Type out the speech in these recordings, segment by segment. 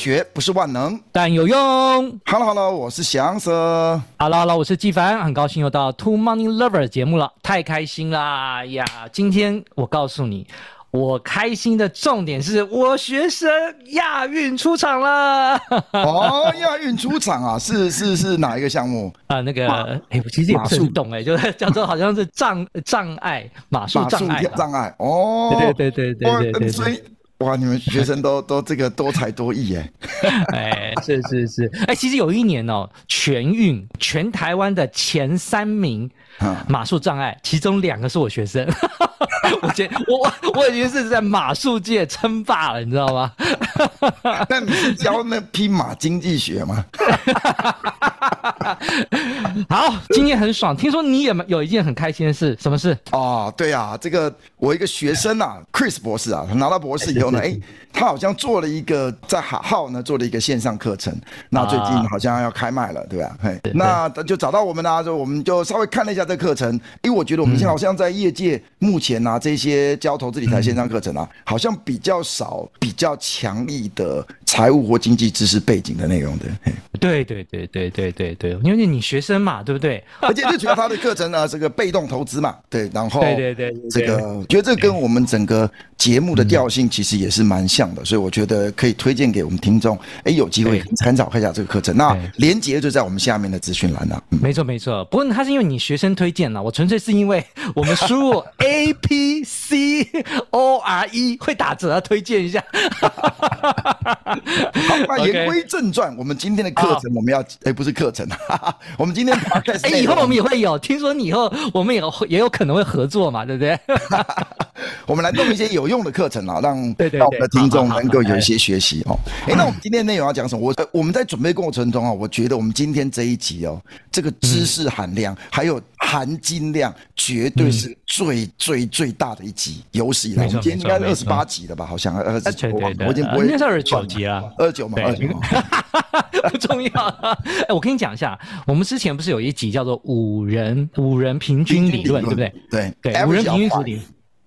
學不是萬能，但有用。Hello，Hello，hello, 我是翔 Sir。Hello，Hello，hello, 我是紀凡。很高興又到《Two Money Lovers》節目了，太開心啦，哎呀！今天我告訴你，我開心的重點是我學生亞運出場了。 哦，亞運出場啊？是是是哪一個項目？啊，那個……哎馬、欸，我其實也不是很懂、欸，哎，就叫做好像是障 障礙馬術障礙障礙。哦，對對對對對對，對、啊。嗯，所以哇！你們學生都都這個多才多藝誒 哎，是是是，哎，其實有一年哦，全運，全台灣的前三名。馬術障礙，其中兩個是我學生， 我覺得我我已經是在馬術界稱霸了，你知道嗎？ 你是教那匹馬經濟學嗎？ 好，今天很爽。聽說你也有一件很開心的事，什麼事？哦，對啊，這個我一個學生啊，Chris 博士啊，他拿到博士以後呢，哎、欸，他好像做了一個在 Hahow 呢做了一個線上課程，那最近好像要開賣了，啊、對吧、啊？那那就找到我們呢、啊、就我們就稍微看了一下。的課程，因為我覺得我們現在好像在業界目前啊，這些教投資理財線上課程啊，好像比較少，比較強力的。財務或經濟知識背景的內容的，對對對對對對對，因為你學生嘛，對不對？而且最主要他的課程呢，這個被動投資嘛，對，然後對對對，這個覺得這跟我們整個節目的調性其實也是蠻像的，所以我覺得可以推薦給我們聽眾，哎，有機會參考看一下這個課程。那鏈接就在我們下面的資訊欄了。沒錯沒錯，不過他是因為你學生推薦了，我純粹是因為我們輸入 A P C O R E 會打折啊，推薦一下。 好，那言歸正傳，okay. 我們今天的課程我們要哎、oh. 欸，不是課程哈，我們今天哎、欸，以後我們也會有，聽說你以後我們也會、也有可能會合作嘛，對不對？我們來弄一些有用的課程啊，讓對對,對讓我們的聽眾能夠有一些學習哦。哎、欸欸，那我們今天內容要講什麼？我我們在準備過程中啊，我覺得我們今天這一集哦，這個知識含量、嗯、還有含金量絕對是、嗯。最最最大的一集，有史以來，我們今天應該二十八集了吧？好像二十九，我已經不會。今天是二十九集了，二十九嘛，哈哈哈，不重要。哎，我跟你講一下，我們之前不是有一集叫做“五人五人平均理論”對不對？對對，五人平均理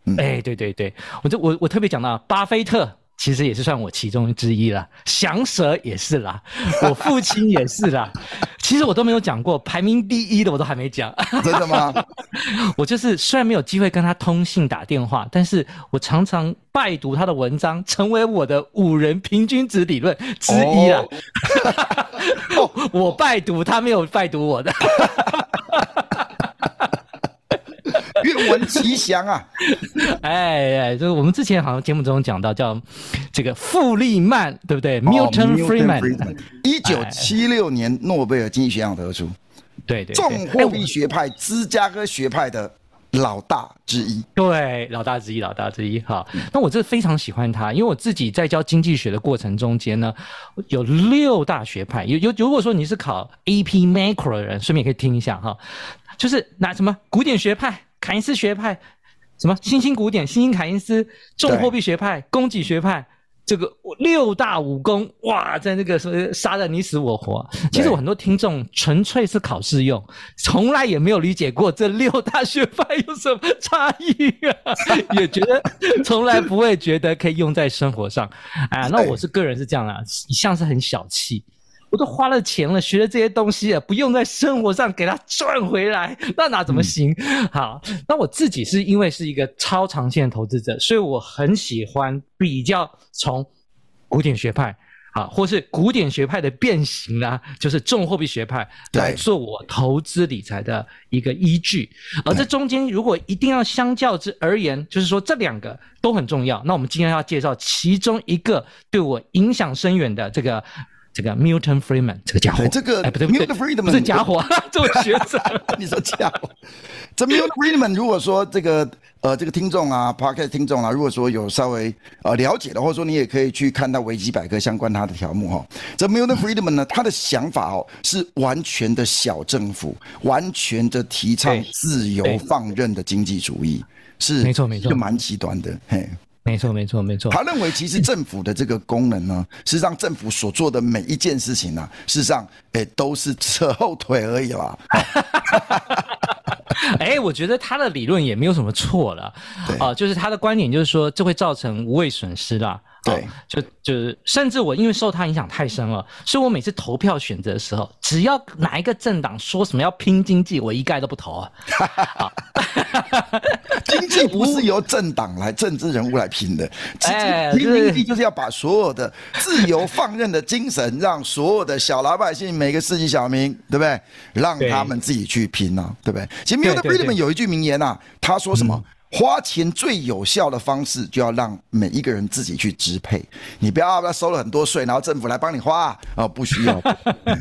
論。哎，對對對，我就我我特別講到巴菲特。其實也是算我其中之一了，翔 sir 也是啦，我父親也是啦。 其實我都沒有講過，排名第一的我都還沒講。真的嗎？ 我就是雖然沒有機會跟他通信打電話，但是我常常拜讀他的文章，成為我的五人平均值理論之一了。Oh. Oh. 我拜讀，他沒有拜讀我的。 願聞其詳啊！ 哎，哎，就是我們之前好像節目中講到，叫這個傅利曼，對不對？oh，Milton Friedman 一九七六年諾貝爾經濟學獎得主，對，對對，重貨幣學派、芝加哥學派的老大之一，哎，對，老大之一，老大之一。哈，那我這非常喜歡他，因為我自己在教經濟學的過程中間呢，有六大學派。有有，如果說你是考 AP Macro 的人，順便可以聽一下哈，就是拿什麼古典學派。凱因斯學派，什麼新興古典、新興凱因斯、重貨幣學派、供給對學派，這個六大武功，哇，在那個什麼殺得你死我活。其實我很多聽眾純粹是考試用，從對來也沒有理解過這六大學派有什麼差異啊， 也覺得從來不會覺得可以用在生活上。哎呀、 啊，那我是個人是這樣啊，對一向是很小氣。我都花了錢了，學了這些東西啊，不用在生活上給它賺回來，那哪怎麼行？嗯、好，那我自己是因為是一個超長線投資者，所以我很喜歡比較從古典學派啊，或是古典學派的變形啊，就是重貨幣學派來對做我投資理財的一個依據。而這中間，如果一定要相較之而言，就是說這兩個都很重要。那我們今天要介紹其中一個對我影響深遠的這個。這個 Milton Friedman 這個家伙，這個 Milton Friedman 這家伙，這位學者你說家伙，這 Milton Friedman 如果說這個呃這個聽眾啊，podcast 聽眾啊，如果說有稍微呃了解的，或者說你也可以去看到維基百科相關他的條目哈。這 Milton Friedman 呢，他的想法哦，是完全的小政府，完全的提倡自由放任的經濟主義，是沒錯沒錯，就蠻極端的嘿。沒錯，沒錯，沒錯。他認為其實政府的這個功能呢，是讓 政府所做的每一件事情呢、啊，事實上，誒、欸、都是扯後腿而已啦。誒、 欸、我覺得他的理論也沒有什麼錯了。啊對、呃，就是他的觀點就是說，這會造成無謂損失啦。對，就就是，甚至我因為受他影響太深了，所以我每次投票選擇的時候，只要哪一個政黨說什麼要拼經濟，我一概都不投啊。 經濟不是由政黨來、政治人物來拼的，拼經濟就是要把所有的自由放任的精神，讓所有的小老百姓、 每個市井小民，對不對？讓他們自己去拼呢、啊，對，對，對，對，對不對？其實，Milton Friedman 有一句名言吶、啊，對對對他說什麼？嗯花錢最有效的方式，就要讓每一個人自己去支配。你不要、啊，不要收了很多稅，然後政府來幫你花啊、哦，不需要。 嗯、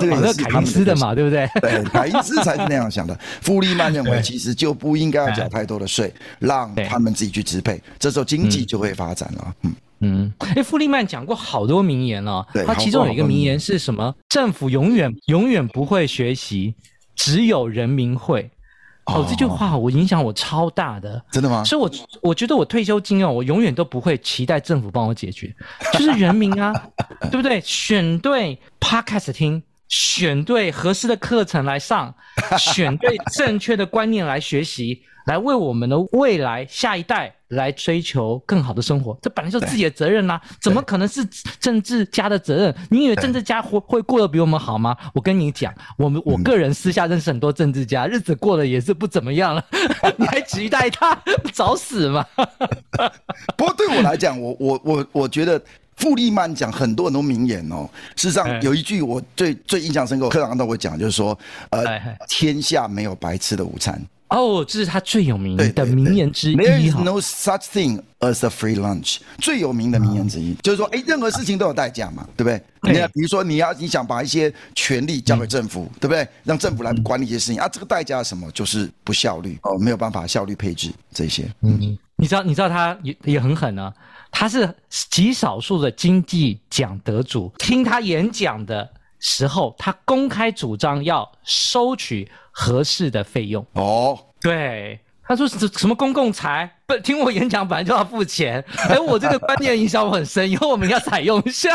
這個也是、哦、凱恩斯的嘛，對不對？對，凱恩斯才是那樣想的。傅 利曼認為，其實就不應該要繳太多的稅，對讓他們自己去支配，對這時候經濟就會發展了。嗯嗯，誒、傅、嗯、利曼講過好多名言哦，他對其中有一個名言是什麼？不不政府永遠永遠不會學習，只有人民會。哦，這句話我影響我超大的，真的嗎？所以，我我覺得我退休金哦，我永遠都不會期待政府幫我解決，就是人民啊， 對不對？選對 Podcast 聽。選對合適的課程來上，選對正確的觀念來學習， 來為我們的未來下一代來追求更好的生活。這本來就是自己的責任吶、啊，對 怎麼可能是政治家的責任？對 你以為政治家會會過得比我們好嗎？對 我跟你講，我們我個人私下認識很多政治家，日子過得也是不怎麼樣了。 你還期待他？找死嗎？ 不過對我來講，我我我我覺得。傅利曼講很多很多名言哦，事實上有一句我最最印象深刻，課堂上都會講，就是說，呃，天下沒有白吃的午餐哦，這是他最有名的名言之一沒有 There's no such thing as a free lunch，最有名的名言之一，就是說，哎，任何事情都有代價嘛，對不對？你，比如說，你要你想把一些權力交給政府，對不對？讓政府來管理一些事情啊，這個代價是什麼？就是不效率哦，沒有辦法效率配置這些。嗯，你知道，你知道他也也很狠啊。他是極少數的經濟獎得主。聽他演講的時候，他公開主張要收取合適的費用。哦，oh. 對，他說是什麼公共財。聽我演講本來就要付錢，哎，我這個觀念影響我很深，以後我們要採用一下。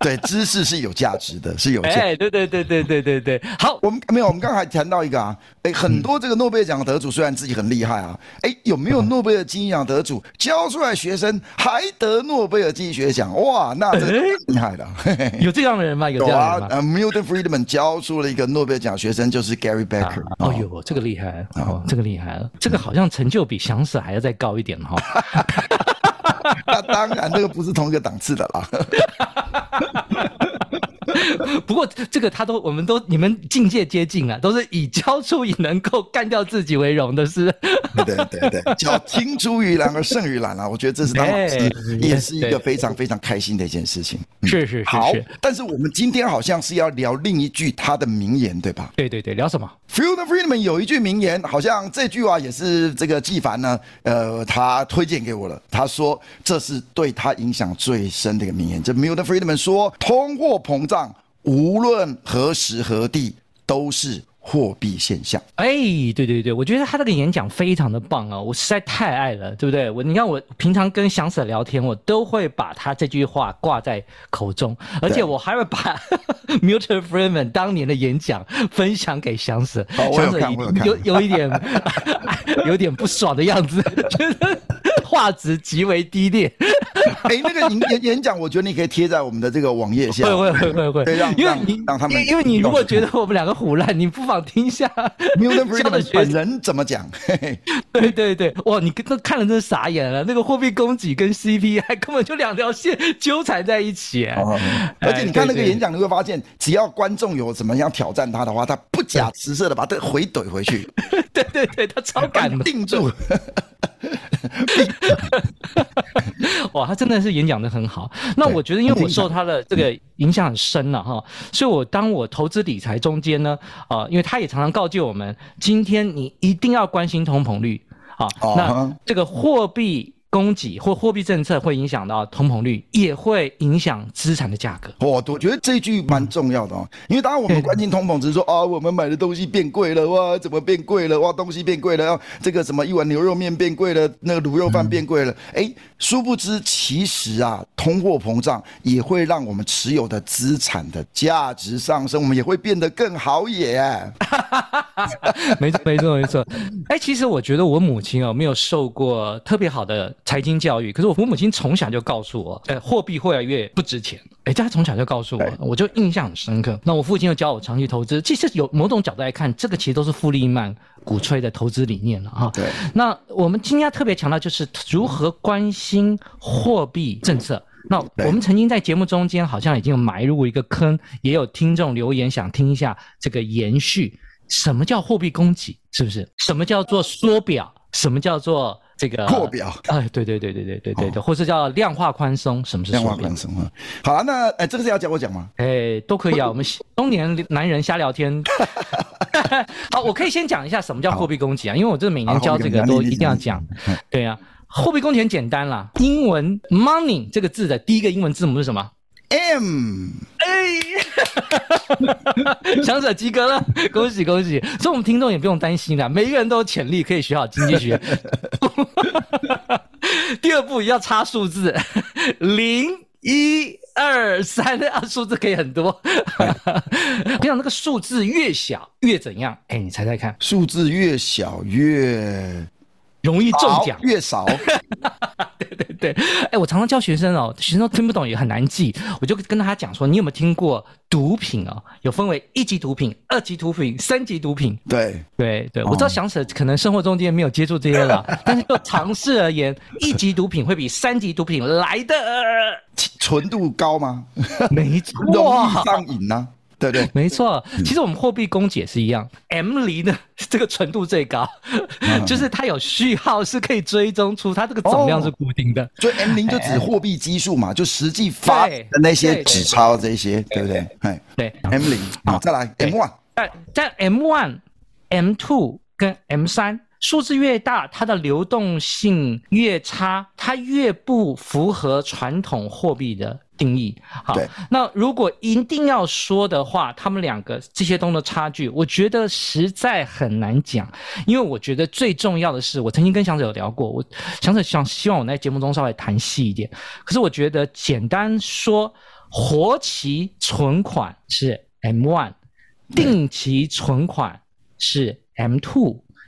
對，知識是有價值的，是有價值的。對對對對對對對。好，我們沒有，我們剛才還談到一個啊，哎，很多這個諾貝爾獎得主雖然自己很厲害啊，哎，有沒有諾貝爾金獎得主教出來學生還得諾貝爾經濟學獎？哇，那真厲害了。有這樣的人嗎？有啊，Milton Friedman 教出了一個諾貝爾獎學生，就是 Gary Becker。哦有，這個厲害，這個厲害，這個好。好像成就比想死還要再高一點哈，那當然這個不是同一個檔次的啦。 不過這個他都，我們都你們境界接近啊，都是以交出以能夠幹掉自己為榮的，是。對對對對，叫青出於藍而勝於藍啊！我覺得這是當老師也是一個非常非常開心的一件事情。嗯、是，是，是是是，好。但是我們今天好像是要聊另一句他的名言，對吧？對對對，聊什麼？Fielder Friedman 有一句名言，好像這句啊也是這個紀凡呢，呃，他推薦給我了。他說這是對他影響最深的一個名言。這 Friedman 說通貨膨脹。無論何時何地，都是貨幣現象，哎，對對對，我覺得他這個演講非常的棒啊，我實在太愛了，對不對？我你看，我平常跟翔 sir 聊天，我都會把他這句話掛在口中，而且我還會把 Milton Friedman 當年的演講分享給翔 sir，翔 sir 有有一點有點不爽的樣子，覺得畫質極為低劣。哎，那個你演演講，我覺得你可以貼在我們的這個網頁下，會會會會會，因為你，因為你如果覺得我們兩個虎爛，你不妨。聽一下，本人怎麼講？對對對，哇，你跟他看了真的傻眼了。那個貨幣供給跟 CPI 根本就兩條線糾纏在一起，啊哦嗯，而且你看那個演講，你會發現，哎、對對對，只要觀眾有什麼要挑戰他的話，他不假辭色的把他回懟回去。對對對，他超敢定住。嗯嗯嗯嗯哈哈哈哈哈！ 哇，他真的是演講得很好。那我覺得，因為我受他的這個影響很深吶哈，所以我當我投資理財中間呢，啊，因為他也常常告誡我們，今天你一定要關心通膨率啊。那這個貨幣、uh。Huh. 供給或貨幣政策會影響到通膨率，也會影響資產的價格。我我、哦、覺得這句蠻重要的哦，嗯、因為當然我們關心通膨，只是說對對對啊，我們買的東西變貴了哇，怎麼變貴了哇，東西變貴了、啊，這個什麼一碗牛肉麵變貴了，那個滷肉飯變貴了，哎、嗯。欸殊不知，其實啊，通貨膨脹也會讓我們持有的資產的價值上升，我們也會變得更好。也，沒錯，沒錯，沒錯。哎，其實我覺得我母親啊、哦，沒有受過特別好的財經教育，可是我，我母親從小就告訴我，哎、呃，貨幣會越來越不值錢。哎，他從小就告訴我，對我就印象很深刻。那我父親又教我長期投資，其實有某種角度來看，這個其實都是傅利曼鼓吹的投資理念了啊。對。那我們今天要特別強調就是如何關心貨幣政策。對那我們曾經在節目中間好像已經有埋入一個坑，對也有聽眾留言想聽一下這個延續。什麼叫貨幣供給？是不是？什麼叫做縮表？什麼叫做？這個擴表，啊，哎，對對對對對對對對，哦、或者叫量化寬鬆，什麼是量化寬鬆啊？好啊，那哎，這個是要教我講嗎？哎，都可以啊， 我們中年男人瞎聊天。 好，我可以先講一下什麼叫貨幣供給啊，好因為我這每年教這個都一定要講。啊對啊，貨幣供給很簡單啦，英文 money 這個字的第一個英文字母是什麼？M，a 哈，哈 M，哈、哎，哈，哈，哈，強者及格了， 恭喜恭喜！所以我們聽眾也不用擔心的，每一個人都有潛力可以學好經濟學。 第二步要插數字，零一二三、啊，數字可以很多。你想、哎、 那個數字越小越怎樣？哎、你猜猜看，數字越小越。容易中獎，越少， 對對對，哎、欸，我常常教學生哦，學生都聽不懂也很難記，我就跟他講說，你有沒有聽過毒品哦？有分為一級毒品、二級毒品、三級毒品。對對對，我知道，想起可能生活中間沒有接觸這些了，嗯、但是就常識而言， 一級毒品會比三級毒品來得純度高嗎？ 沒錯，容易上癮呢、啊。對對，沒錯。其實我們貨幣供給也是一樣，M 零呢，這個純度最高，就是它有序號，是可以追蹤出它這個總量是固定的。所以 M 零就指貨幣基數嘛，就實際發的那些紙鈔這些，對不對？對。M 零好，再來 M one。但但 M one、M two 跟 M 三數字越大，它的流動性越差，它越不符合傳統貨幣的。定義好，對那如果一定要說的話，他們兩個這些東西的差距，我覺得實在很難講。因為我覺得最重要的是，我曾經跟翔仔有聊過，我翔仔想希望我在節目中稍微談細一點。可是我覺得簡單說，活期存款是 M1，定期存款是 M2，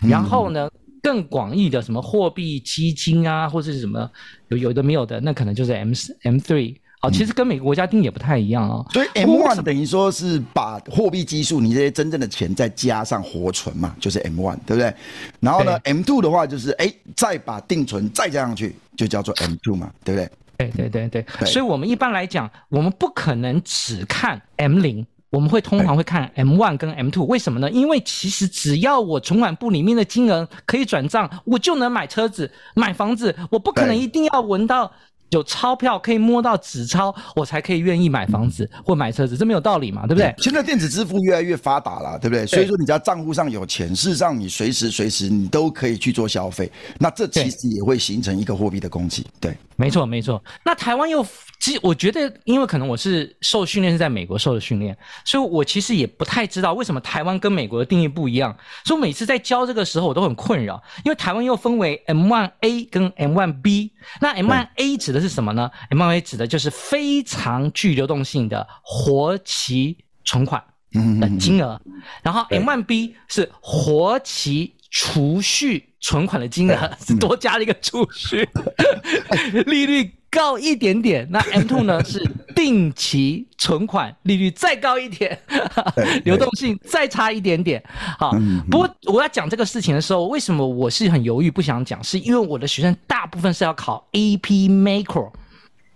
對然後呢，更廣義的什麼貨幣基金啊，或者是什麼有有的沒有的，那可能就是 M3、M3。好，其實跟每個國家定也不太一樣哦。所以 M one 等於說是把貨幣基數，你這些真正的錢再加上活存嘛，就是 M one，對不對？然後呢對，M two 的話就是哎、欸，再把定存再加上去，就叫做 M two 嘛，對不對、嗯？對對對對。所以，我們一般來講，我們不可能只看 M 零，我們會通常會看 M one 跟 M two。為什麼呢？因為其實只要我存款部裡面的金額可以轉賬，我就能買車子、買房子，我不可能一定要聞到。有鈔票可以摸到紙鈔，我才可以願意買房子或買車子，這沒有道理嘛，對不對？現在電子支付越來越發達了，對不對？所以說你只要賬戶上有錢，事實上你隨時隨時你都可以去做消費，那這其實也會形成一個貨幣的供給。對，沒錯沒錯。那台灣又，其實我覺得，因為可能我是受訓練是在美國受的訓練，所以我其實也不太知道為什麼台灣跟美國的定義不一樣，所以我每次在教這個時候我都很困擾，因為台灣又分為 M1A 跟 M1B，那 M1A 指的。是什麼呢？M1A 指的就是非常具流動性的活期存款的金額，嗯嗯嗯嗯，然後 M1B 對是活期儲蓄存款的金額，是多加了一個儲蓄 利率。高一點點，那 M2 呢 是定期存款 利率再高一點， 流動性再差一點點。好，嗯、哼不過我要講這個事情的時候，為什麼我是很猶豫不想講？是因為我的學生大部分是要考 AP Macro，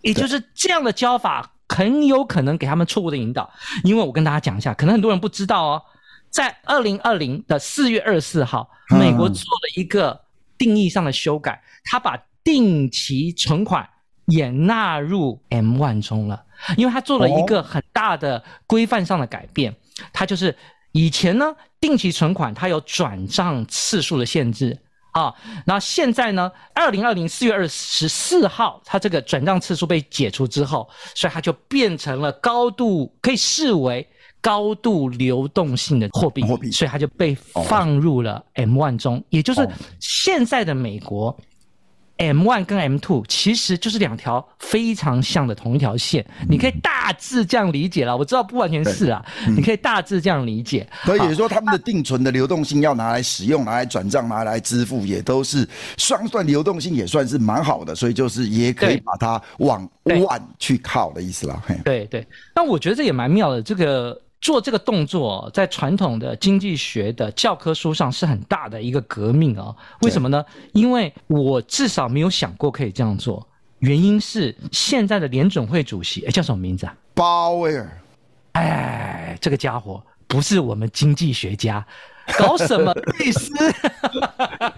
也就是這樣的教法很有可能給他們錯誤的引導。對因為我跟大家講一下，可能很多人不知道哦，在二零二零的四月二十四號，美國做了一個定義上的修改，嗯、他把定期存款。也納入 M1 中了，因為它做了一個很大的規範上的改變。它就是以前呢，定期存款它有轉賬次數的限制啊，那現在呢，二零二零四月二十四號，它這個轉賬次數被解除之後，所以它就變成了高度可以視為高度流動性的貨幣貨幣，所以它就被放入了 M1 中，也就是現在的美國。1 M one 跟 M two 其實就是兩條非常像的同一條線，你可以大致這樣理解啦。我知道不完全是啊，你可以大致這樣理解、嗯。所、嗯、好以也就是說他們的定存的流動性要拿來使用、啊、拿來轉賬、拿來支付，也都是雙算流動性也算是蠻好的，所以就是也可以把它往 M one 去靠的意思啦。對對，那我覺得這也蠻妙的這個。做這個動作，在傳統的經濟學的教科書上是很大的一個革命啊、哦！為什麼呢？對因為我至少沒有想過可以這樣做。原因是現在的聯準會主席，哎，叫什麼名字啊？鮑威爾。哎，這個家伙不是我們經濟學家。搞什麼律師？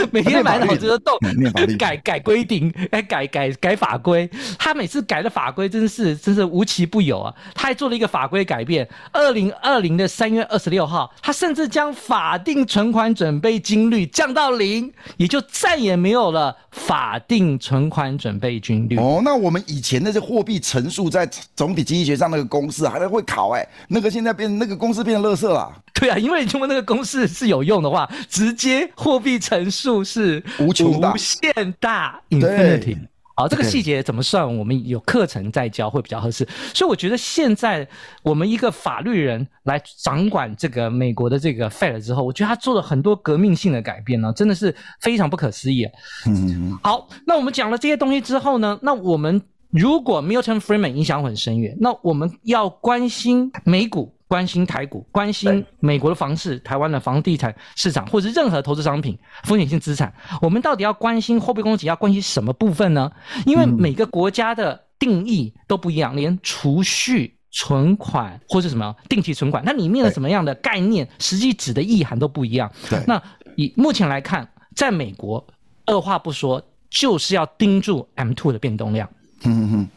每天滿腦子這動，法改改規定，哎，改改改法規。他每次改的法規，真是真是無奇不有啊！他還做了一個法規改變，二零二零的三月二十六號，他甚至將法定存款準備金率降到零，也就再也沒有了法定存款準備金率。哦，那我們以前那些貨幣乘數在總體經濟學上那個公式，還在會考哎、欸，那個現在變那個公式變成垃圾了。對啊，因為什問那個，公式是有用的話，直接貨幣乘數是無窮大，無限大，大 Infinity 對。好，這個細節怎麼算？我們有課程在教，會比較合適。對所以我覺得現在我們一個法律人來掌管這個美國的這個 Fed 之後，我覺得他做了很多革命性的改變呢、啊，真的是非常不可思議、啊。嗯，好，那我們講了這些東西之後呢，那我們如果 Milton Friedman 影響很深遠，那我們要關心美股。關心台股，關心美國的房市，對台灣的房地產市場，或者是任何投資商品、風險性資產，我們到底要關心貨幣供給，要關心什麼部分呢？因為每個國家的定義都不一樣，連儲蓄、存款或是什麼定期存款，那裡面的什麼樣的概念，對實際指的意涵都不一樣。對，那以目前來看，在美國，二話不說就是要盯住 M2 的變動量。嗯、哼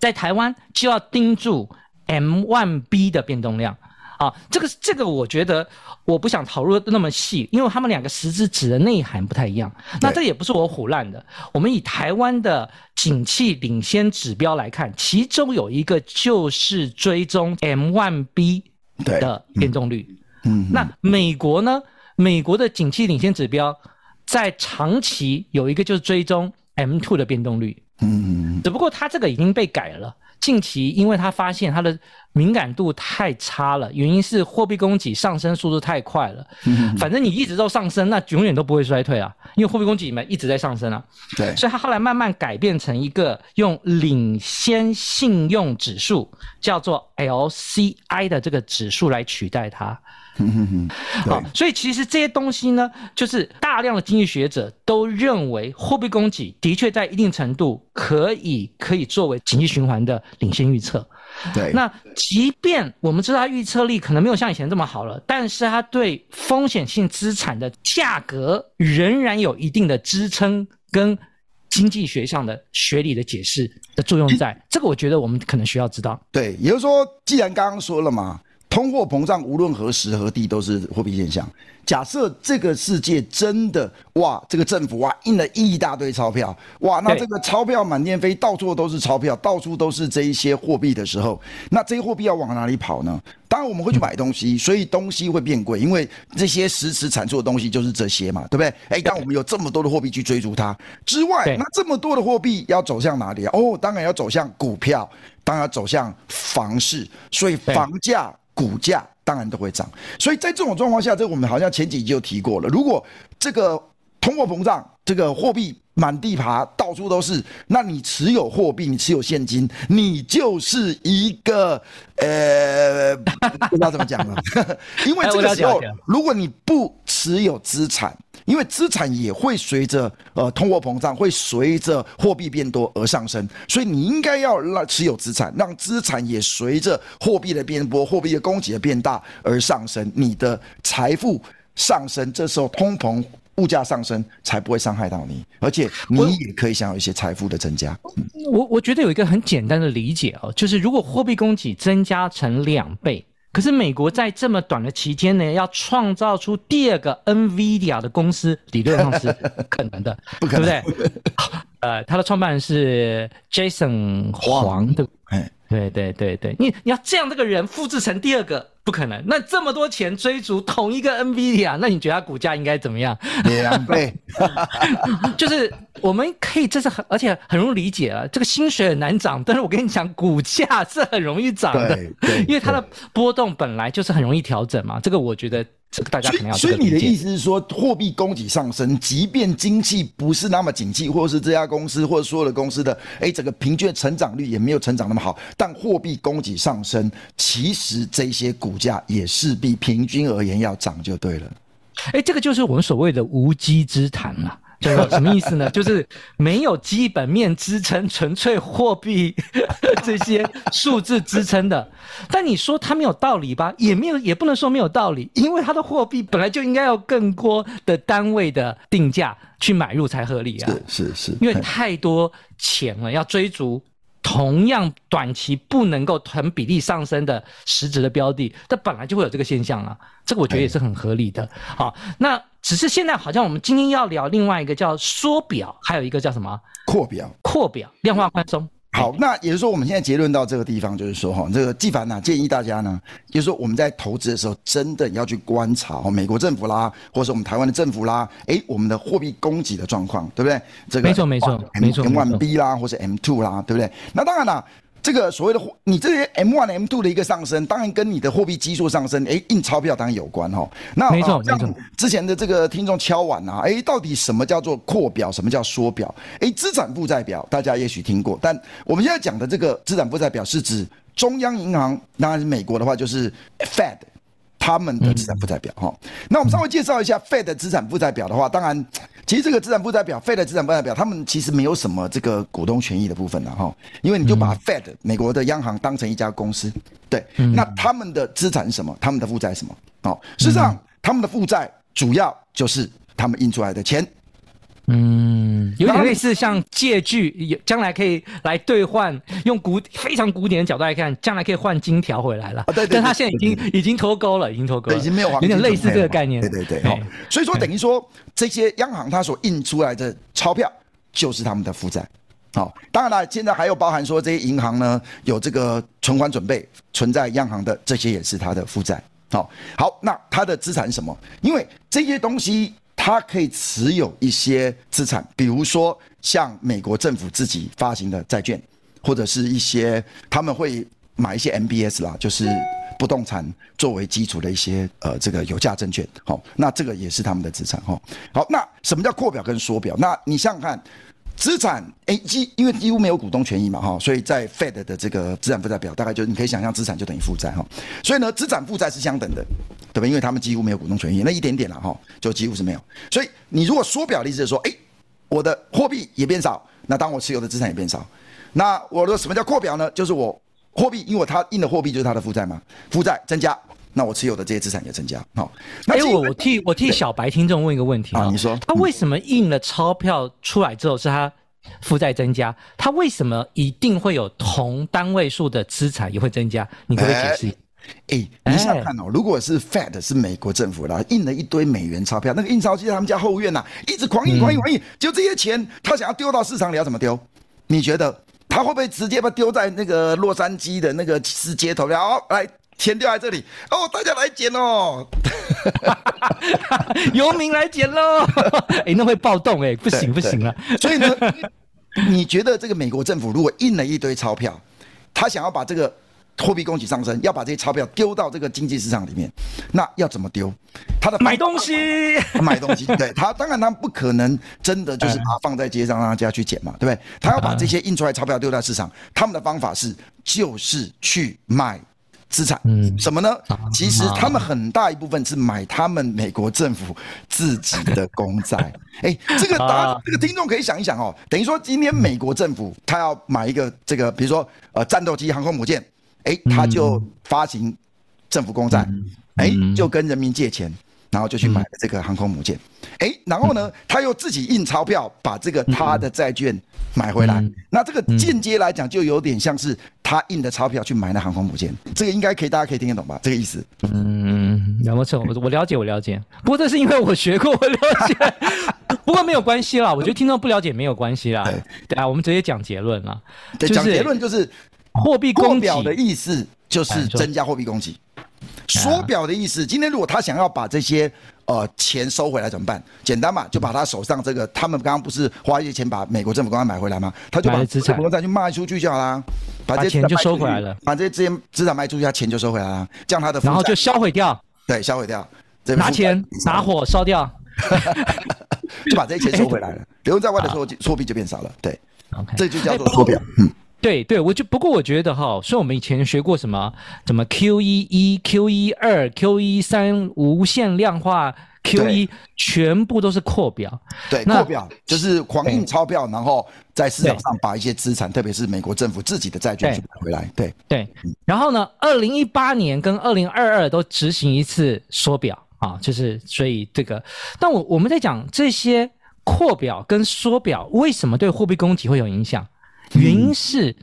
在台灣就要盯住。M1B 的變動量，啊，這個這個，我覺得我不想討論的那麼細，因為他們兩個實質指的內涵不太一樣。那這也不是我唬爛的。我們以台灣的景氣領先指標來看，其中有一個就是追蹤 M1B 的變動率。嗯，那美國呢？美國的景氣領先指標在長期有一個就是追蹤 M2 的變動率。嗯，只不過它這個已經被改了。近期，因為他發現他的敏感度太差了，原因是貨幣供給上升速度太快了。反正你一直都上升，那永遠都不會衰退啊，因為貨幣供給嘛一直在上升啊。對，所以他後來慢慢改變成一個用領先信用指數，叫做 LCI 的這個指數來取代它。嗯嗯嗯，好， 對 哦、所以其實這些東西呢，就是大量的經濟學者都認為，貨幣供給的確在一定程度可以可以作為經濟循環的領先預測。對，那即便我們知道它預測力可能沒有像以前這麼好了，但是它對風險性資產的價格仍然有一定的支撐，跟經濟學上的學理的解釋的作用在。這個我覺得我們可能需要知道。對，對 也就是說，既然剛剛說了嘛。通貨膨脹無論何時何地都是貨幣現象。假設這個世界真的哇，這個政府哇印了一大堆鈔票哇，那這個鈔票滿天飛，到處都是鈔票，到處都是這一些貨幣的時候，那這些貨幣要往哪裡跑呢？當然我們會去買東西，所以東西會變貴，因為這些實質產出的東西就是這些嘛，對不對？哎，當我們有這麼多的貨幣去追逐它之外，那這麼多的貨幣要走向哪裡啊？哦，當然要走向股票，當然要走向房市，所以房價。股價當然都會漲，所以在這種狀況下，這我們好像前幾集就提過了。如果這個，通貨膨脹，這個貨幣滿地爬，到處都是。那你持有貨幣，你持有現金，你就是一個，呃， 不知道怎麼講了。 因為這個時候，如果你不持有資產，因為資產也會隨着呃通貨膨脹，會隨着貨幣變多而上升。所以你應該要讓持有資產，讓資產也隨着貨幣的變多，貨幣的供給的變大而上升，你的財富上升。這時候通膨。物價上升才不會傷害到你，而且你也可以享有一些財富的增加。嗯、我我覺得有一個很簡單的理解哦，就是如果貨幣供給增加成兩倍，可是美國在這麼短的期間呢，要創造出第二個 NVIDIA 的公司，理論上是不可能的， 不可能對不對？ 呃，他的創辦人是 Jason 黃的。 黃對對對對，你你要這樣，這個人複制成第二個不可能。那這麼多錢追逐同一個 NVIDIA，那你覺得他股價應該怎麼樣？兩倍 就是。我們可以，這是很而且很容易理解啊。這個薪水很難漲，但是我跟你講，股價是很容易漲的，因為它的波動本來就是很容易調整嘛。這個我覺得，這個，對對對，這個大家肯定要理解。所以你的意思是說，貨幣供給上升，即便經濟不是那麼景氣，或是這家公司或者所有的公司的，哎，整個平均成長率也沒有成長那麼好，但貨幣供給上升，其實這些股價也勢必平均而言要漲就對了。哎，這個就是我們所謂的無稽之談了。對，什麼意思呢？就是沒有基本面支撐，純粹貨幣這些數字支撐的。但你說它沒有道理吧？也沒有，也不能說沒有道理，因為它的貨幣本來就應該要更多的單位的定價去買入才合理啊。是是是。因為太多錢了，要追逐同樣短期不能夠同比例上升的實質的標的，這本來就會有這個現象啊。這個我覺得也是很合理的。是好，那。只是現在好像我們今天要聊另外一個叫縮表，還有一個叫什麼擴表？擴表，量化寬鬆。好，那也就是說我們現在結論到這個地方，就是說哈，這個紀凡呢、啊、建議大家呢，就是說我們在投資的時候，真的要去觀察哦，美國政府啦，或者我們台灣的政府啦，誒、欸，我們的貨幣供給的狀況，對不對？這個、M、沒錯沒錯沒錯。M one B 啦，沒錯，或者 M two 啦，對不對？那當然啦、啊。這個所謂的，你這些 M one M two 的一個上升，當然跟你的貨幣基數上升，哎，印鈔票當然有關哈。那啊，沒錯，像之前的這個聽眾敲碗啊，哎，到底什麼叫做擴表，什麼叫縮表？哎，資產負債表大家也許聽過，但我們現在講的這個資產負債表是指中央銀行，當然是美國的話就是 Fed。他們的資產負債表哈，嗯、那我們稍微介紹一下 Fed 的資產負債表的話，嗯、當然，其實這個資產負債表，Fed 的資產負債表，他們其實沒有什麼這個股東權益的部分啦哈，因為你就把 Fed、嗯、美國的央行當成一家公司，對，那他們的資產是什麼，他們的負債是什麼，哦，事實上、嗯、他們的負債主要就是他們印出來的錢。嗯，有點類似像借據，將那來可以來兌換，用古非常古典的角度來看，將來可以換金條回來了。啊、對對對，但他現在已經對對對已經脫鈎了，對對對已經脫鈎，已經沒有，有點類似這個概念。對對對，好，所以說等於說對對對這些央行它所印出來的鈔票就是他們的負債。好、哦，當然了，現在還有包含說這些銀行呢有這個存款準備存在央行的這些也是它的負債。好好，那它的資產是什麼？因為這些東西，它可以持有一些資產，比如說像美國政府自己發行的債券，或者是一些他們會買一些 MBS 啦，就是不動產作為基礎的一些呃這個有價證券。好，哦，那這個也是他們的資產。哈，哦，好，那什麼叫擴表跟縮表？那你想想看。資產哎基、欸、因為幾乎沒有股東權益嘛哈，所以在 Fed 的這個資產負債表大概就是你可以想象資產就等於負債哈，所以呢資產負債是相等的，對不對？因為他們幾乎沒有股東權益，那一點點了哈，就幾乎是沒有。所以你如果縮表例子的意思是說，誒、欸、我的貨幣也變少，那當我持有的資產也變少，那我的什麼叫擴表呢？就是我貨幣，因為它他印的貨幣就是他的負債嘛，負債增加。那我持有的這些資產也增加哦。那如果我、欸、我替我替小白聽眾問一個問題啊對、哦，你說他為什麼印了鈔票出來之後是他負債增加？嗯、他為什麼一定會有同單位數的資產也會增加？你可不可以解釋？哎、欸，欸、你一下看哦，欸、如果是 Fed 是美國政府然後印了一堆美元鈔票，那個印鈔機在他們家後院吶、啊，一直狂印狂印狂印，嗯、就這些錢，他想要丟到市場裡要怎麼丟？你覺得他會不會直接把丟在那個洛杉磯的那個市街頭、哦？來。錢掉在這裡哦，大家來撿哦，游民來撿嘍，哎，那會暴動哎、欸，不行不行了、啊。所以呢，你覺得這個美國政府，如果印了一堆鈔票，他想要把這個貨幣供給上升，要把這些鈔票丟到這個經濟市場裡面，那要怎麼丟？他的買東西，買東西，對，他當然他不可能真的就是把它放在街上讓大家去撿嘛，對不對？他要把這些印出來鈔票丟到市場，他們的方法是就是去賣。資產？嗯，什麼呢？其實他們很大一部分是買他們美國政府自己的公債。哎、 欸，這個大家，這個聽眾可以想一想哦。等於說，今天美國政府他要買一個這個，比如說呃戰鬥機、航空母艦，哎、欸，他就發行政府公債，哎、嗯欸，就跟人民借錢。然後就去買了這個航空母艦，哎、嗯欸，然後呢，他又自己印鈔票把這個他的債券買回來，嗯嗯嗯、那這個間接來講就有點像是他印的鈔票去買那航空母艦，這個應該可以，大家可以聽得懂吧？這個意思？嗯，有沒有錯？我我了解，我了解。 不過這是因為我學過，我了解。 不過沒有關係啦，我覺得聽到不了解沒有關係啦。對啊，我們直接講結論了。講結論就是貨幣供給的意思就是增加貨幣供給。縮表的意思，今天如果他想要把這些呃錢收回來怎麼辦？簡單嘛，就把他手上這個，他們剛剛不是花一些錢把美國政府公債買回來嗎？買資產，資產就賣出去就好啦。把錢就收回來了，把這些資產賣出去，他錢就收回來了。這樣他的然後就銷毀掉，對，銷毀掉，拿錢，拿火燒掉，就把這些錢收回來了。留在外的時候，貨幣就變少了，對。這就叫做縮表，嗯。對對，我就不過我覺得哈，所以我們以前學過什麼，怎麼 QE 一、QE 二、QE 三，無限量化 QE< 對>，全部都是擴表。對，那擴表就是狂印鈔票，欸、然後在市場上把一些資產，對特別是美國政府自己的債券去買回來。對對，嗯、然後呢，二零一八年跟二零二二都執行一次縮表啊，就是所以這個，但我我們在講這些擴表跟縮表為什麼對貨幣供給會有影響？原因是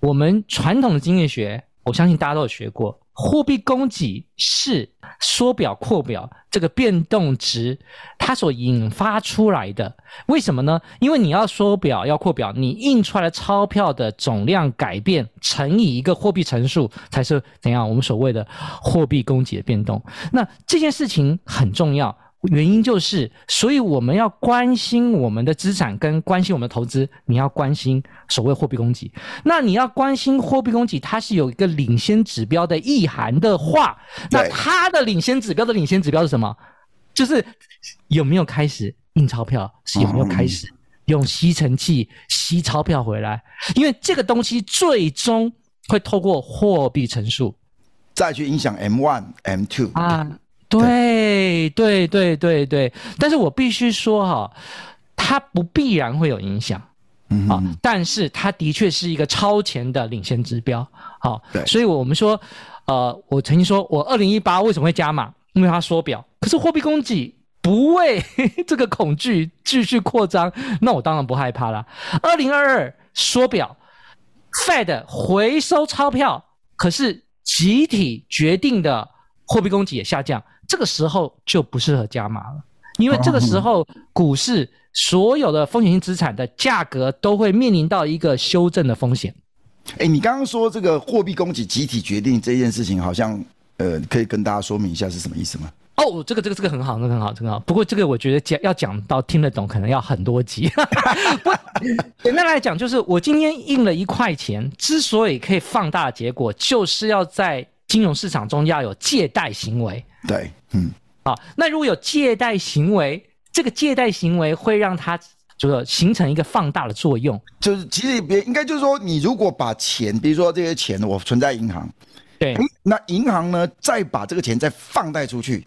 我們傳統的經濟學，我相信大家都有學過，貨幣供給是縮表、擴表這個變動值，它所引發出來的。為什麼呢？因為你要縮表、要擴表，你印出來的鈔票的總量改變，乘以一個貨幣乘數，才是怎樣我們所謂的貨幣供給的變動。那這件事情很重要。原因就是，所以我們要關心我們的資產，跟關心我們的投資，你要關心所謂貨幣供給。那你要關心貨幣供給，它是有一個領先指標的意涵的話，那它的領先指標的領先指標是什麼？就是有沒有開始印鈔票，是有沒有開始用吸塵器吸鈔票回來？因為這個東西最終會透過貨幣乘數，再去影響 M one M two 啊。對對對對對，但是我必須說哈、哦，它不必然會有影響，嗯，啊，但是它的確是一個超前的領先指標。好、哦，對所以我們說，呃，我曾經說我二零一八為什麼會加碼，因為它縮表。可是貨幣供給不為這個恐懼繼續擴張，那我當然不害怕啦。二零二二縮表，Fed 回收鈔票，可是集體決定的貨幣供給也下降。這個時候就不適合加碼了，因為這個時候股市所有的風險性資產的價格都會面臨到一個修正的風險。哎，欸、你剛剛說這個貨幣供給集體決定這件事情，好像呃，可以跟大家說明一下是什麼意思嗎？哦，oh, 這個這個這個很好，這個、很好，這個、很好。不過這個我覺得講要講到聽得懂，可能要很多集。 不，簡單來講，就是我今天印了一塊錢，之所以可以放大的結果，就是要在金融市場中要有借貸行為。對，嗯，好。那如果有借貸行為，這個借貸行為會讓它這個形成一個放大的作用，就是其實也別應該就是說，你如果把錢，比如說這些錢我存在銀行，對，那銀行呢再把這個錢再放貸出去，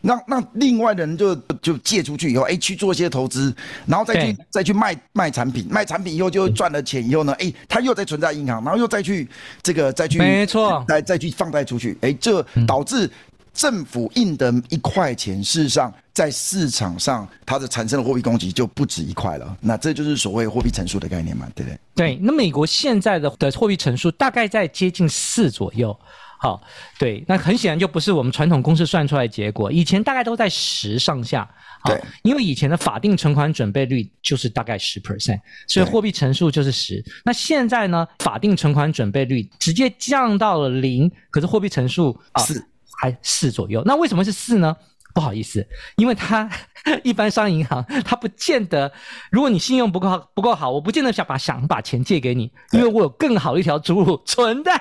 那那另外的人就就借出去以後，哎、欸、去做一些投資，然後再去對再去賣賣產品，賣產品以後就賺了錢以後呢，哎、欸、他又再存在銀行，然後又再去這個再去，沒錯錯，再再去放貸出去，哎、欸，這導致、嗯。政府印的一塊錢，事實上在市場上它的產生的貨幣供給就不止一塊了。那這就是所謂貨幣乘數的概念嘛？對對，對。對，那美國現在的的貨幣乘數大概在接近四左右。好，對，那很顯然就不是我們傳統公式算出來的結果。以前大概都在十上下。好對。因為以前的法定存款準備率就是大概十 percent，所以貨幣乘數就是十。對那現在呢，法定存款準備率直接降到了零，可是貨幣乘數還四左右，那為什麼是四呢？不好意思，因為他一般商業銀行，他不見得，如果你信用不夠不夠好，我不見得想把想把錢借給你，因為我有更好的一條出路，存在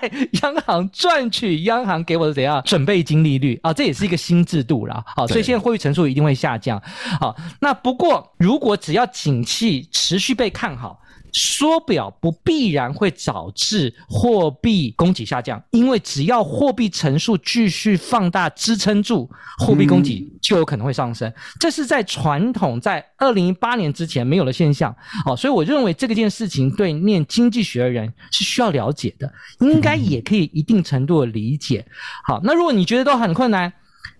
央行賺取央行給我的怎樣準備金利率啊、哦，這也是一個新制度了。好、哦，所以現在貨幣乘數一定會下降。好、哦，那不過如果只要景氣持續被看好。縮表不必然會導致貨幣供給下降，因為只要貨幣乘數繼續放大，支撐住貨幣供給就有可能會上升。這是在傳統在二零一八年之前沒有的現象。好，所以我認為這個件事情對念經濟學的人是需要了解的，應該也可以一定程度的理解。好，那如果你覺得都很困難。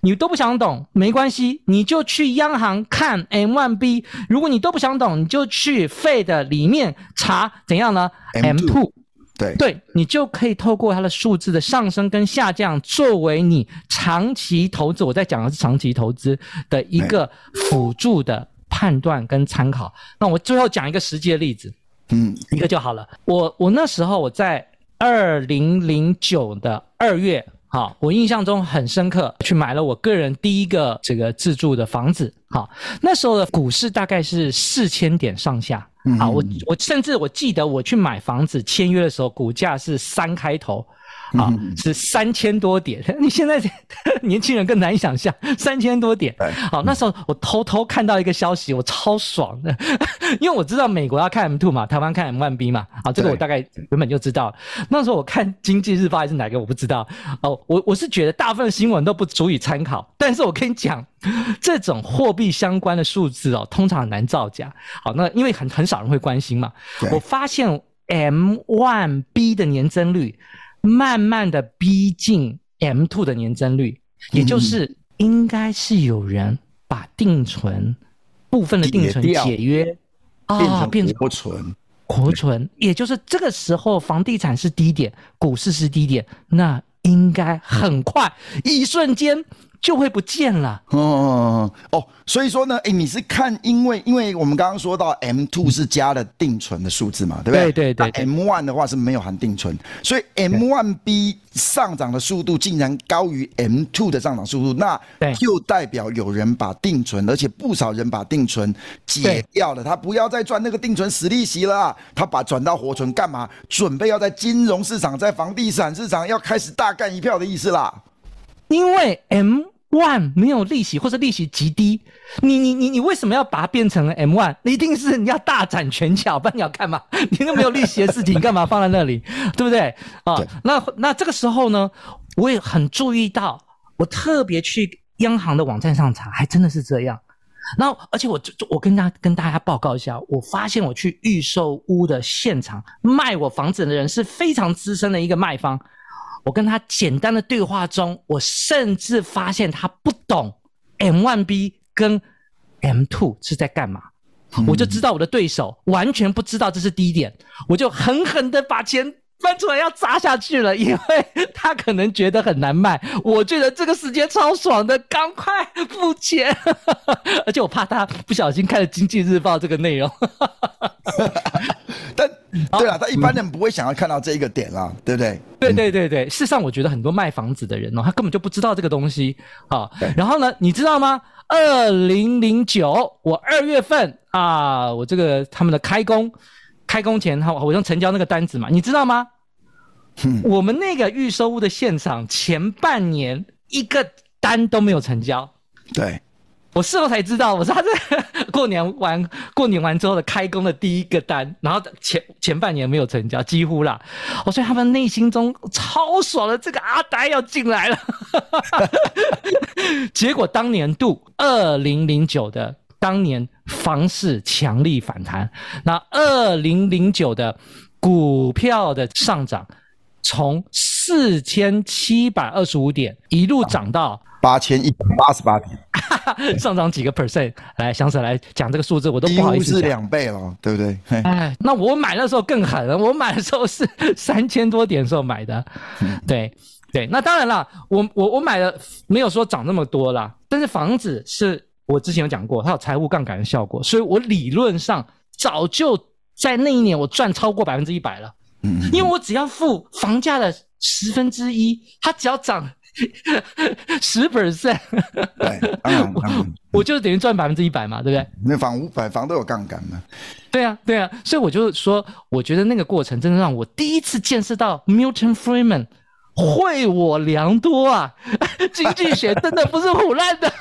你都不想懂，沒關係，你就去央行看 M1B。如果你都不想懂，你就去 Fed 裡面查怎樣呢？M2。對 M 2, 對，對，你就可以透過它的數字的上升跟下降，作為你長期投資，我在講的是長期投資的一個輔助的判斷跟參考。那我最後講一個實際的例子，嗯，一個就好了。我我那時候我在二零零九的二月。好，我印象中很深刻，去買了我個人第一個這個自住的房子。好，那時候的股市大概是四千點上下。好，嗯，我我甚至我記得我去買房子簽約的時候，股價是三開頭。啊，oh, mm hmm. 是三千多點。你現在年輕人更難以想象三千多點。好，那時候我偷偷看到一個消息，我超爽的， 因為我知道美國要看 M two 嘛，台灣看 M one B 嘛。好，Right. oh, 這個我大概原本就知道。Right. 那時候我看經濟日報還是哪個我不知道哦。Oh, 我我是覺得大部分新聞都不足以參考，但是我跟你講，這種貨幣相關的數字哦，通常很難造假。好，oh，那因為很很少人會關心嘛。Right. 我發現 M one B 的年增率。慢慢的逼近 M two 的年增率，也就是應該是有人把定存部分的定存解約，啊，變成活存，活存，也就是這個時候，房地產是低點，股市是低點，那應該很快，一瞬間。就會不見了哦，嗯、哦，所以說呢，哎，你是看，因為因為我們剛剛說到 M two 是加了定存的數字嘛，對不對？對對對，對。那 M one 的話是沒有含定存，所以 M one B 上漲的速度竟然高於 M two 的上漲速度，對那就代表有人把定存，而且不少人把定存解掉了，他不要再賺那個定存死利息了，他把轉到活存幹嘛？準備要在金融市場、在房地產市場要開始大幹一票的意思啦。因為 M one 沒有利息，或者利息極低，你你你你為什麼要把它變成 M one？一定是你要大展拳腳，不然你要幹嘛？你又沒有利息的事情，你幹嘛放在那裡？ 對不對啊？對，那那這個時候呢，我也很注意到，我特別去央行的網站上查，還真的是這樣。然後，而且我我跟大家跟大家報告一下，我發現我去預售屋的現場賣我房子的人是非常資深的一個賣方。我跟他簡單的對話中，我甚至發現他不懂 M1B 跟 M2 是在幹嘛，嗯、我就知道我的對手完全不知道這是低點，我就狠狠的把錢翻出來要砸下去了，因為他可能覺得很難賣，我覺得這個時間超爽的，趕快付錢， 而且我怕他不小心看了《經濟日報》這個內容， 但。對啊，他好一般人不會想要看到這一個點啦，對不對？對對對對，事實上我覺得很多賣房子的人哦，他根本就不知道這個東西啊。哦、對然後呢，你知道嗎？二零零九我二月份啊，我這個他們的開工開工前哈，我用成交那個單子嘛，你知道嗎？哼我們那個預售屋的現場前半年一個單都沒有成交。對，我事後才知道，我說他這。 過年完，過年完之後的開工的第一個單，然後前前半年沒有成交，幾乎啦，所以他們內心中超爽的，這個阿呆要進來了。 結果當年度二零零九的當年房市強力反彈，那二零零九的股票的上漲，從四千七百二十五點一路漲到。八千一百八十八點， 上漲幾個 percent？對來，想起來講這個數字，我都不好意思。幾乎是兩倍了，對不對，對？哎，那我買的時候更狠了，我買的時候是三千多點的時候買的，嗯、哼對對。那當然啦，我我我買的沒有說漲那麼多啦，但是房子是我之前有講過，它有財務槓桿的效果，所以我理論上早就在那一年我賺超過百分之一百了。嗯哼，因為我只要付房價的十分之一，10, 它只要漲。十 percent， 對、嗯嗯，我，我就是等於賺百分之一百嘛，對不對？那房五百房都有槓桿嘛，對啊，對啊，所以我就說，我覺得那個過程真的讓我第一次見識到 Milton Friedman，惠我良多啊，經濟學真的不是唬爛的。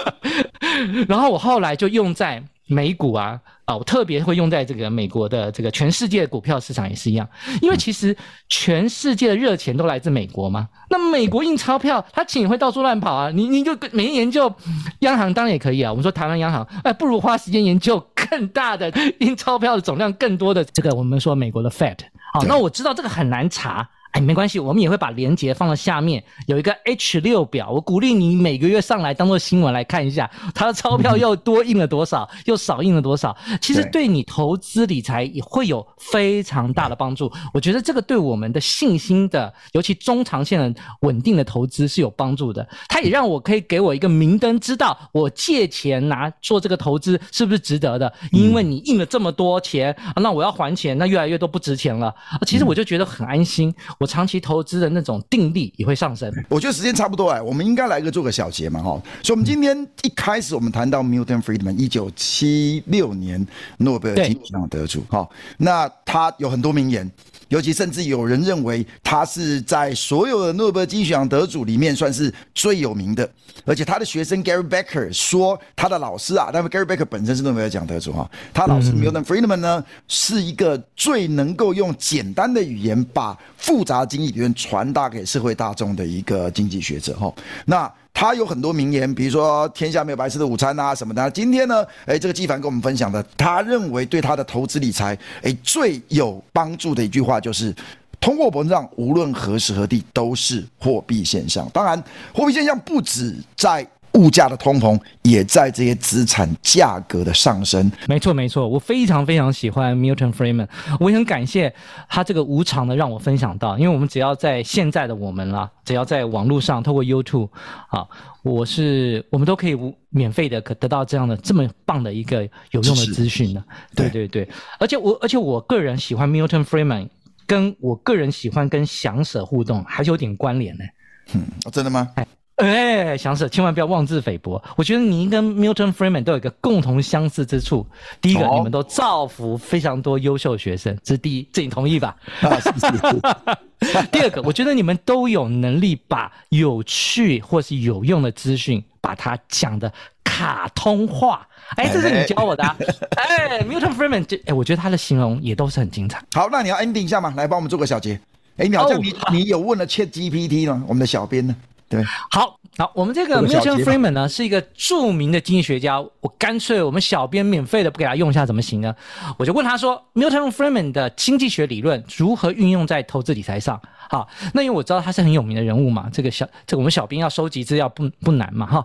然後我後來就用在。美股啊，啊，我特別會用在這個美國的這個全世界股票市場也是一樣，因為其實全世界的熱錢都來自美國嘛，那美國印鈔票，它錢會到處亂跑啊，你你就每天研究央行當然也可以啊，我們說台灣央行，哎，不如花時間研究更大的印鈔票的總量更多的這個我們說美國的 Fed，好，啊，那我知道這個很難查。哎、沒關係，我們也會把連結放到下面，有一個 H6 表。我鼓勵你每個月上來當做新聞來看一下，它的鈔票又多印了多少，嗯、又少印了多少。其實對你投資理財也會有非常大的幫助。對我覺得這個對我們的信心的，尤其中長線的穩定的投資是有幫助的。它也讓我可以給我一個明燈，知道我借錢拿做這個投資是不是值得的。因為你印了這麼多錢，嗯啊、那我要還錢，那越來越都不值錢了、啊。其實我就覺得很安心。我。長期投資的那種定力，也會上升。我覺得時間差不多哎、欸，我們應該來個做個小結嘛哈。所以，我們今天一開始我們談到 Milton Friedman 一九七六年諾貝爾經濟學獎得主哈，對 那他有很多名言。尤其甚至有人認為他是在所有的諾貝爾經濟學獎得主裡面算是最有名的，而且他的學生 Gary Becker 說，他的老師啊，但是 Gary Becker 本身是諾貝爾獎得主哈，他老師 Milton Friedman 呢，是一個最能夠用簡單的語言把複雜經濟理論傳達給社會大眾的一個經濟學者哈，那。他有很多名言，比如說“天下沒有白吃的午餐、啊”吶什麼的。今天呢，誒、哎，這個紀凡跟我們分享的，他認為對他的投資理財，誒、哎、最有幫助的一句話就是：通貨膨脹無論何時何地都是貨幣現象。當然，貨幣現象不止在。物價的通膨也在這些資產價格的上升。沒錯，沒錯，我非常非常喜歡 Milton Friedman 我也很感謝他這個無償的讓我分享到，因為我們只要在現在的我們啦，只要在網絡上透過 YouTube，啊，我是我們都可以無免費的可得到這樣的這麼棒的一個有用的資訊呢。知識對對對，對，而且我而且我個人喜歡 Milton Friedman 跟我個人喜歡跟享舍互動還是有點關聯的、欸。嗯，真的嗎？哎哎，翔師、欸，千萬不要妄自菲薄。我覺得你跟 Milton Friedman 都有一個共同相似之處。第一個，你們都造福非常多優秀學生，這是第一，這你同意吧？啊，是是是。 第二個，我覺得你們都有能力把有趣或是有用的資訊，把它講得卡通化。哎、欸，這是你教我的。啊！哎，Milton Friedman，我覺得他的形容也都是很精彩。好，那你要 ending 一下嘛？來幫我們做個小結。哎、欸，苗正，你、哦、你有問了 Chat GPT 嗎？我們的小編呢？對，好好，我們這個 Milton Friedman 呢，是一個著名的經濟學家我乾脆我們小編免費的不給他用一下怎麼行呢？我就問他說 ，Milton Friedman 的經濟學理論如何運用在投資理財上？好，那因為我知道他是很有名的人物嘛，這個小這個我們小編要收集資料不不難嘛，哈。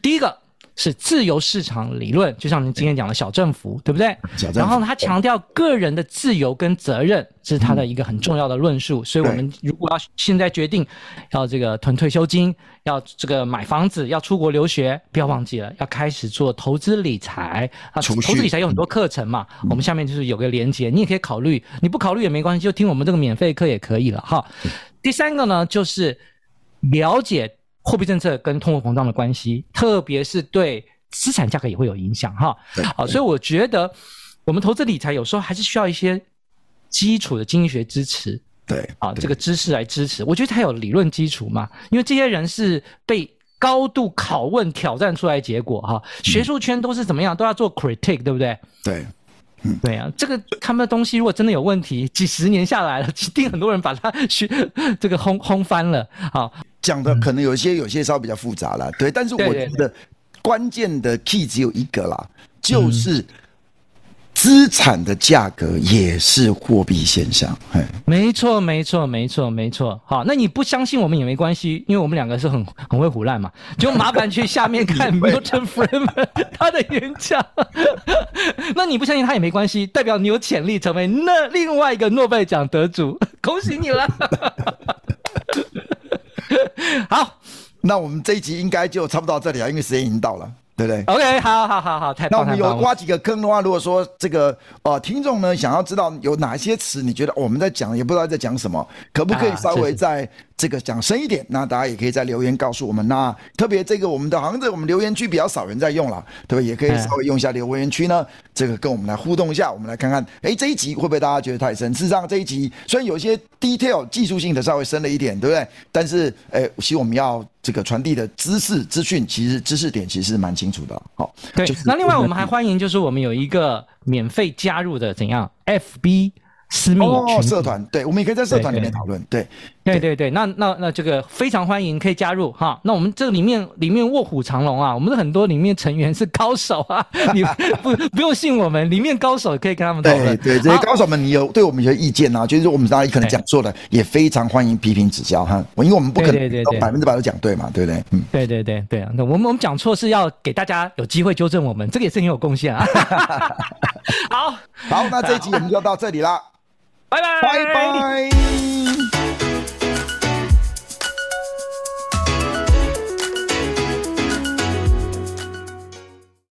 第一個。是自由市場理論，就像您今天講的小政府，嗯、對不對？然後呢，他強調個人的自由跟責任，這是他的一個很重要的論述。嗯、所以，我們如果要現在決定要這個囤退休金，嗯、要這個買房子，要出國留學，不要忘記了，要開始做投資理財去啊。投資理財有很多課程嘛，嗯、我們下面就是有個連接，你也可以考慮，你不考慮也沒關係，就聽我們這個免費課也可以了哈。是第三個呢，就是了解貨幣政策跟通貨膨脹的關係，特別是對資產價格也會有影響哈。好、啊。所以我覺得我們投資理財有時候還是需要一些基礎的經濟學支持。對，對啊，這個知識來支持，我覺得它有理論基礎嘛。因為這些人是被高度拷問、挑戰出來結果哈、啊。學術圈都是怎麼樣，都要做 critic，對不對？對，嗯，對啊，這個他們的東西如果真的有問題，幾十年下來了，一定很多人把它學這個轟轟翻了。好、啊。講的可能有些有些，稍微比較複雜了，對，但是我覺得關鍵的 key 只有一個啦，就是資產的價格也是貨幣現象。沒錯，沒錯，沒錯，沒錯。好，那你不相信我們也沒關係，因為我們兩個是很很會唬爛嘛，就麻煩去下面看 Milton Friedman 他的演講。那你不相信他也沒關係，代表你有潛力成為那另外一個諾貝爾獎得主，恭喜你了。嗯 好，那我們這一集應該就差不多到這裡啊，因為時間已經到了。對不對？OK，好好好好好，太那我們有挖幾個坑的話，如果說這個呃聽眾呢想要知道有哪些詞，你覺得、哦、我們在講也不知道在講什麼，可不可以稍微再這個講深一點？啊、是是，那大家也可以在留言告訴我們。那特別這個我們的好像在我們留言區比較少人在用了，對不對？也可以稍微用一下留言區呢，哎、這個跟我們來互動一下，我們來看看，誒這一集會不會大家覺得太深？事實上這一集雖然有些 detail 技術性的稍微深了一點，對不對？但是誒希望我們要。這個傳遞的知識資訊，其實知識點其實蠻清楚的，好。對，那另外我們還歡迎，就是我們有一個免費加入的怎樣？FB 私密群哦，社團，對，我們也可以在社團裡面討論，對。對對對，那那那這個非常歡迎，可以加入哈。那我們這裡面裡面臥虎藏龍啊，我們的很多裡面成員是高手啊， 你不不用信我們，裡面高手也可以跟他們討論，對對，這些好高手們，你有對我們有意見啊，就是我們大家可能講錯了，對 也非常歡迎批評指教哈。我因為我們不可能百分之百都講對嘛，對不對？對，對？嗯，對對對對，那我們我們講錯是要給大家有機會糾正我們，這個也是很有貢獻啊。好 好，好好，那這一集我們就到這裡啦，拜拜拜拜。拜拜。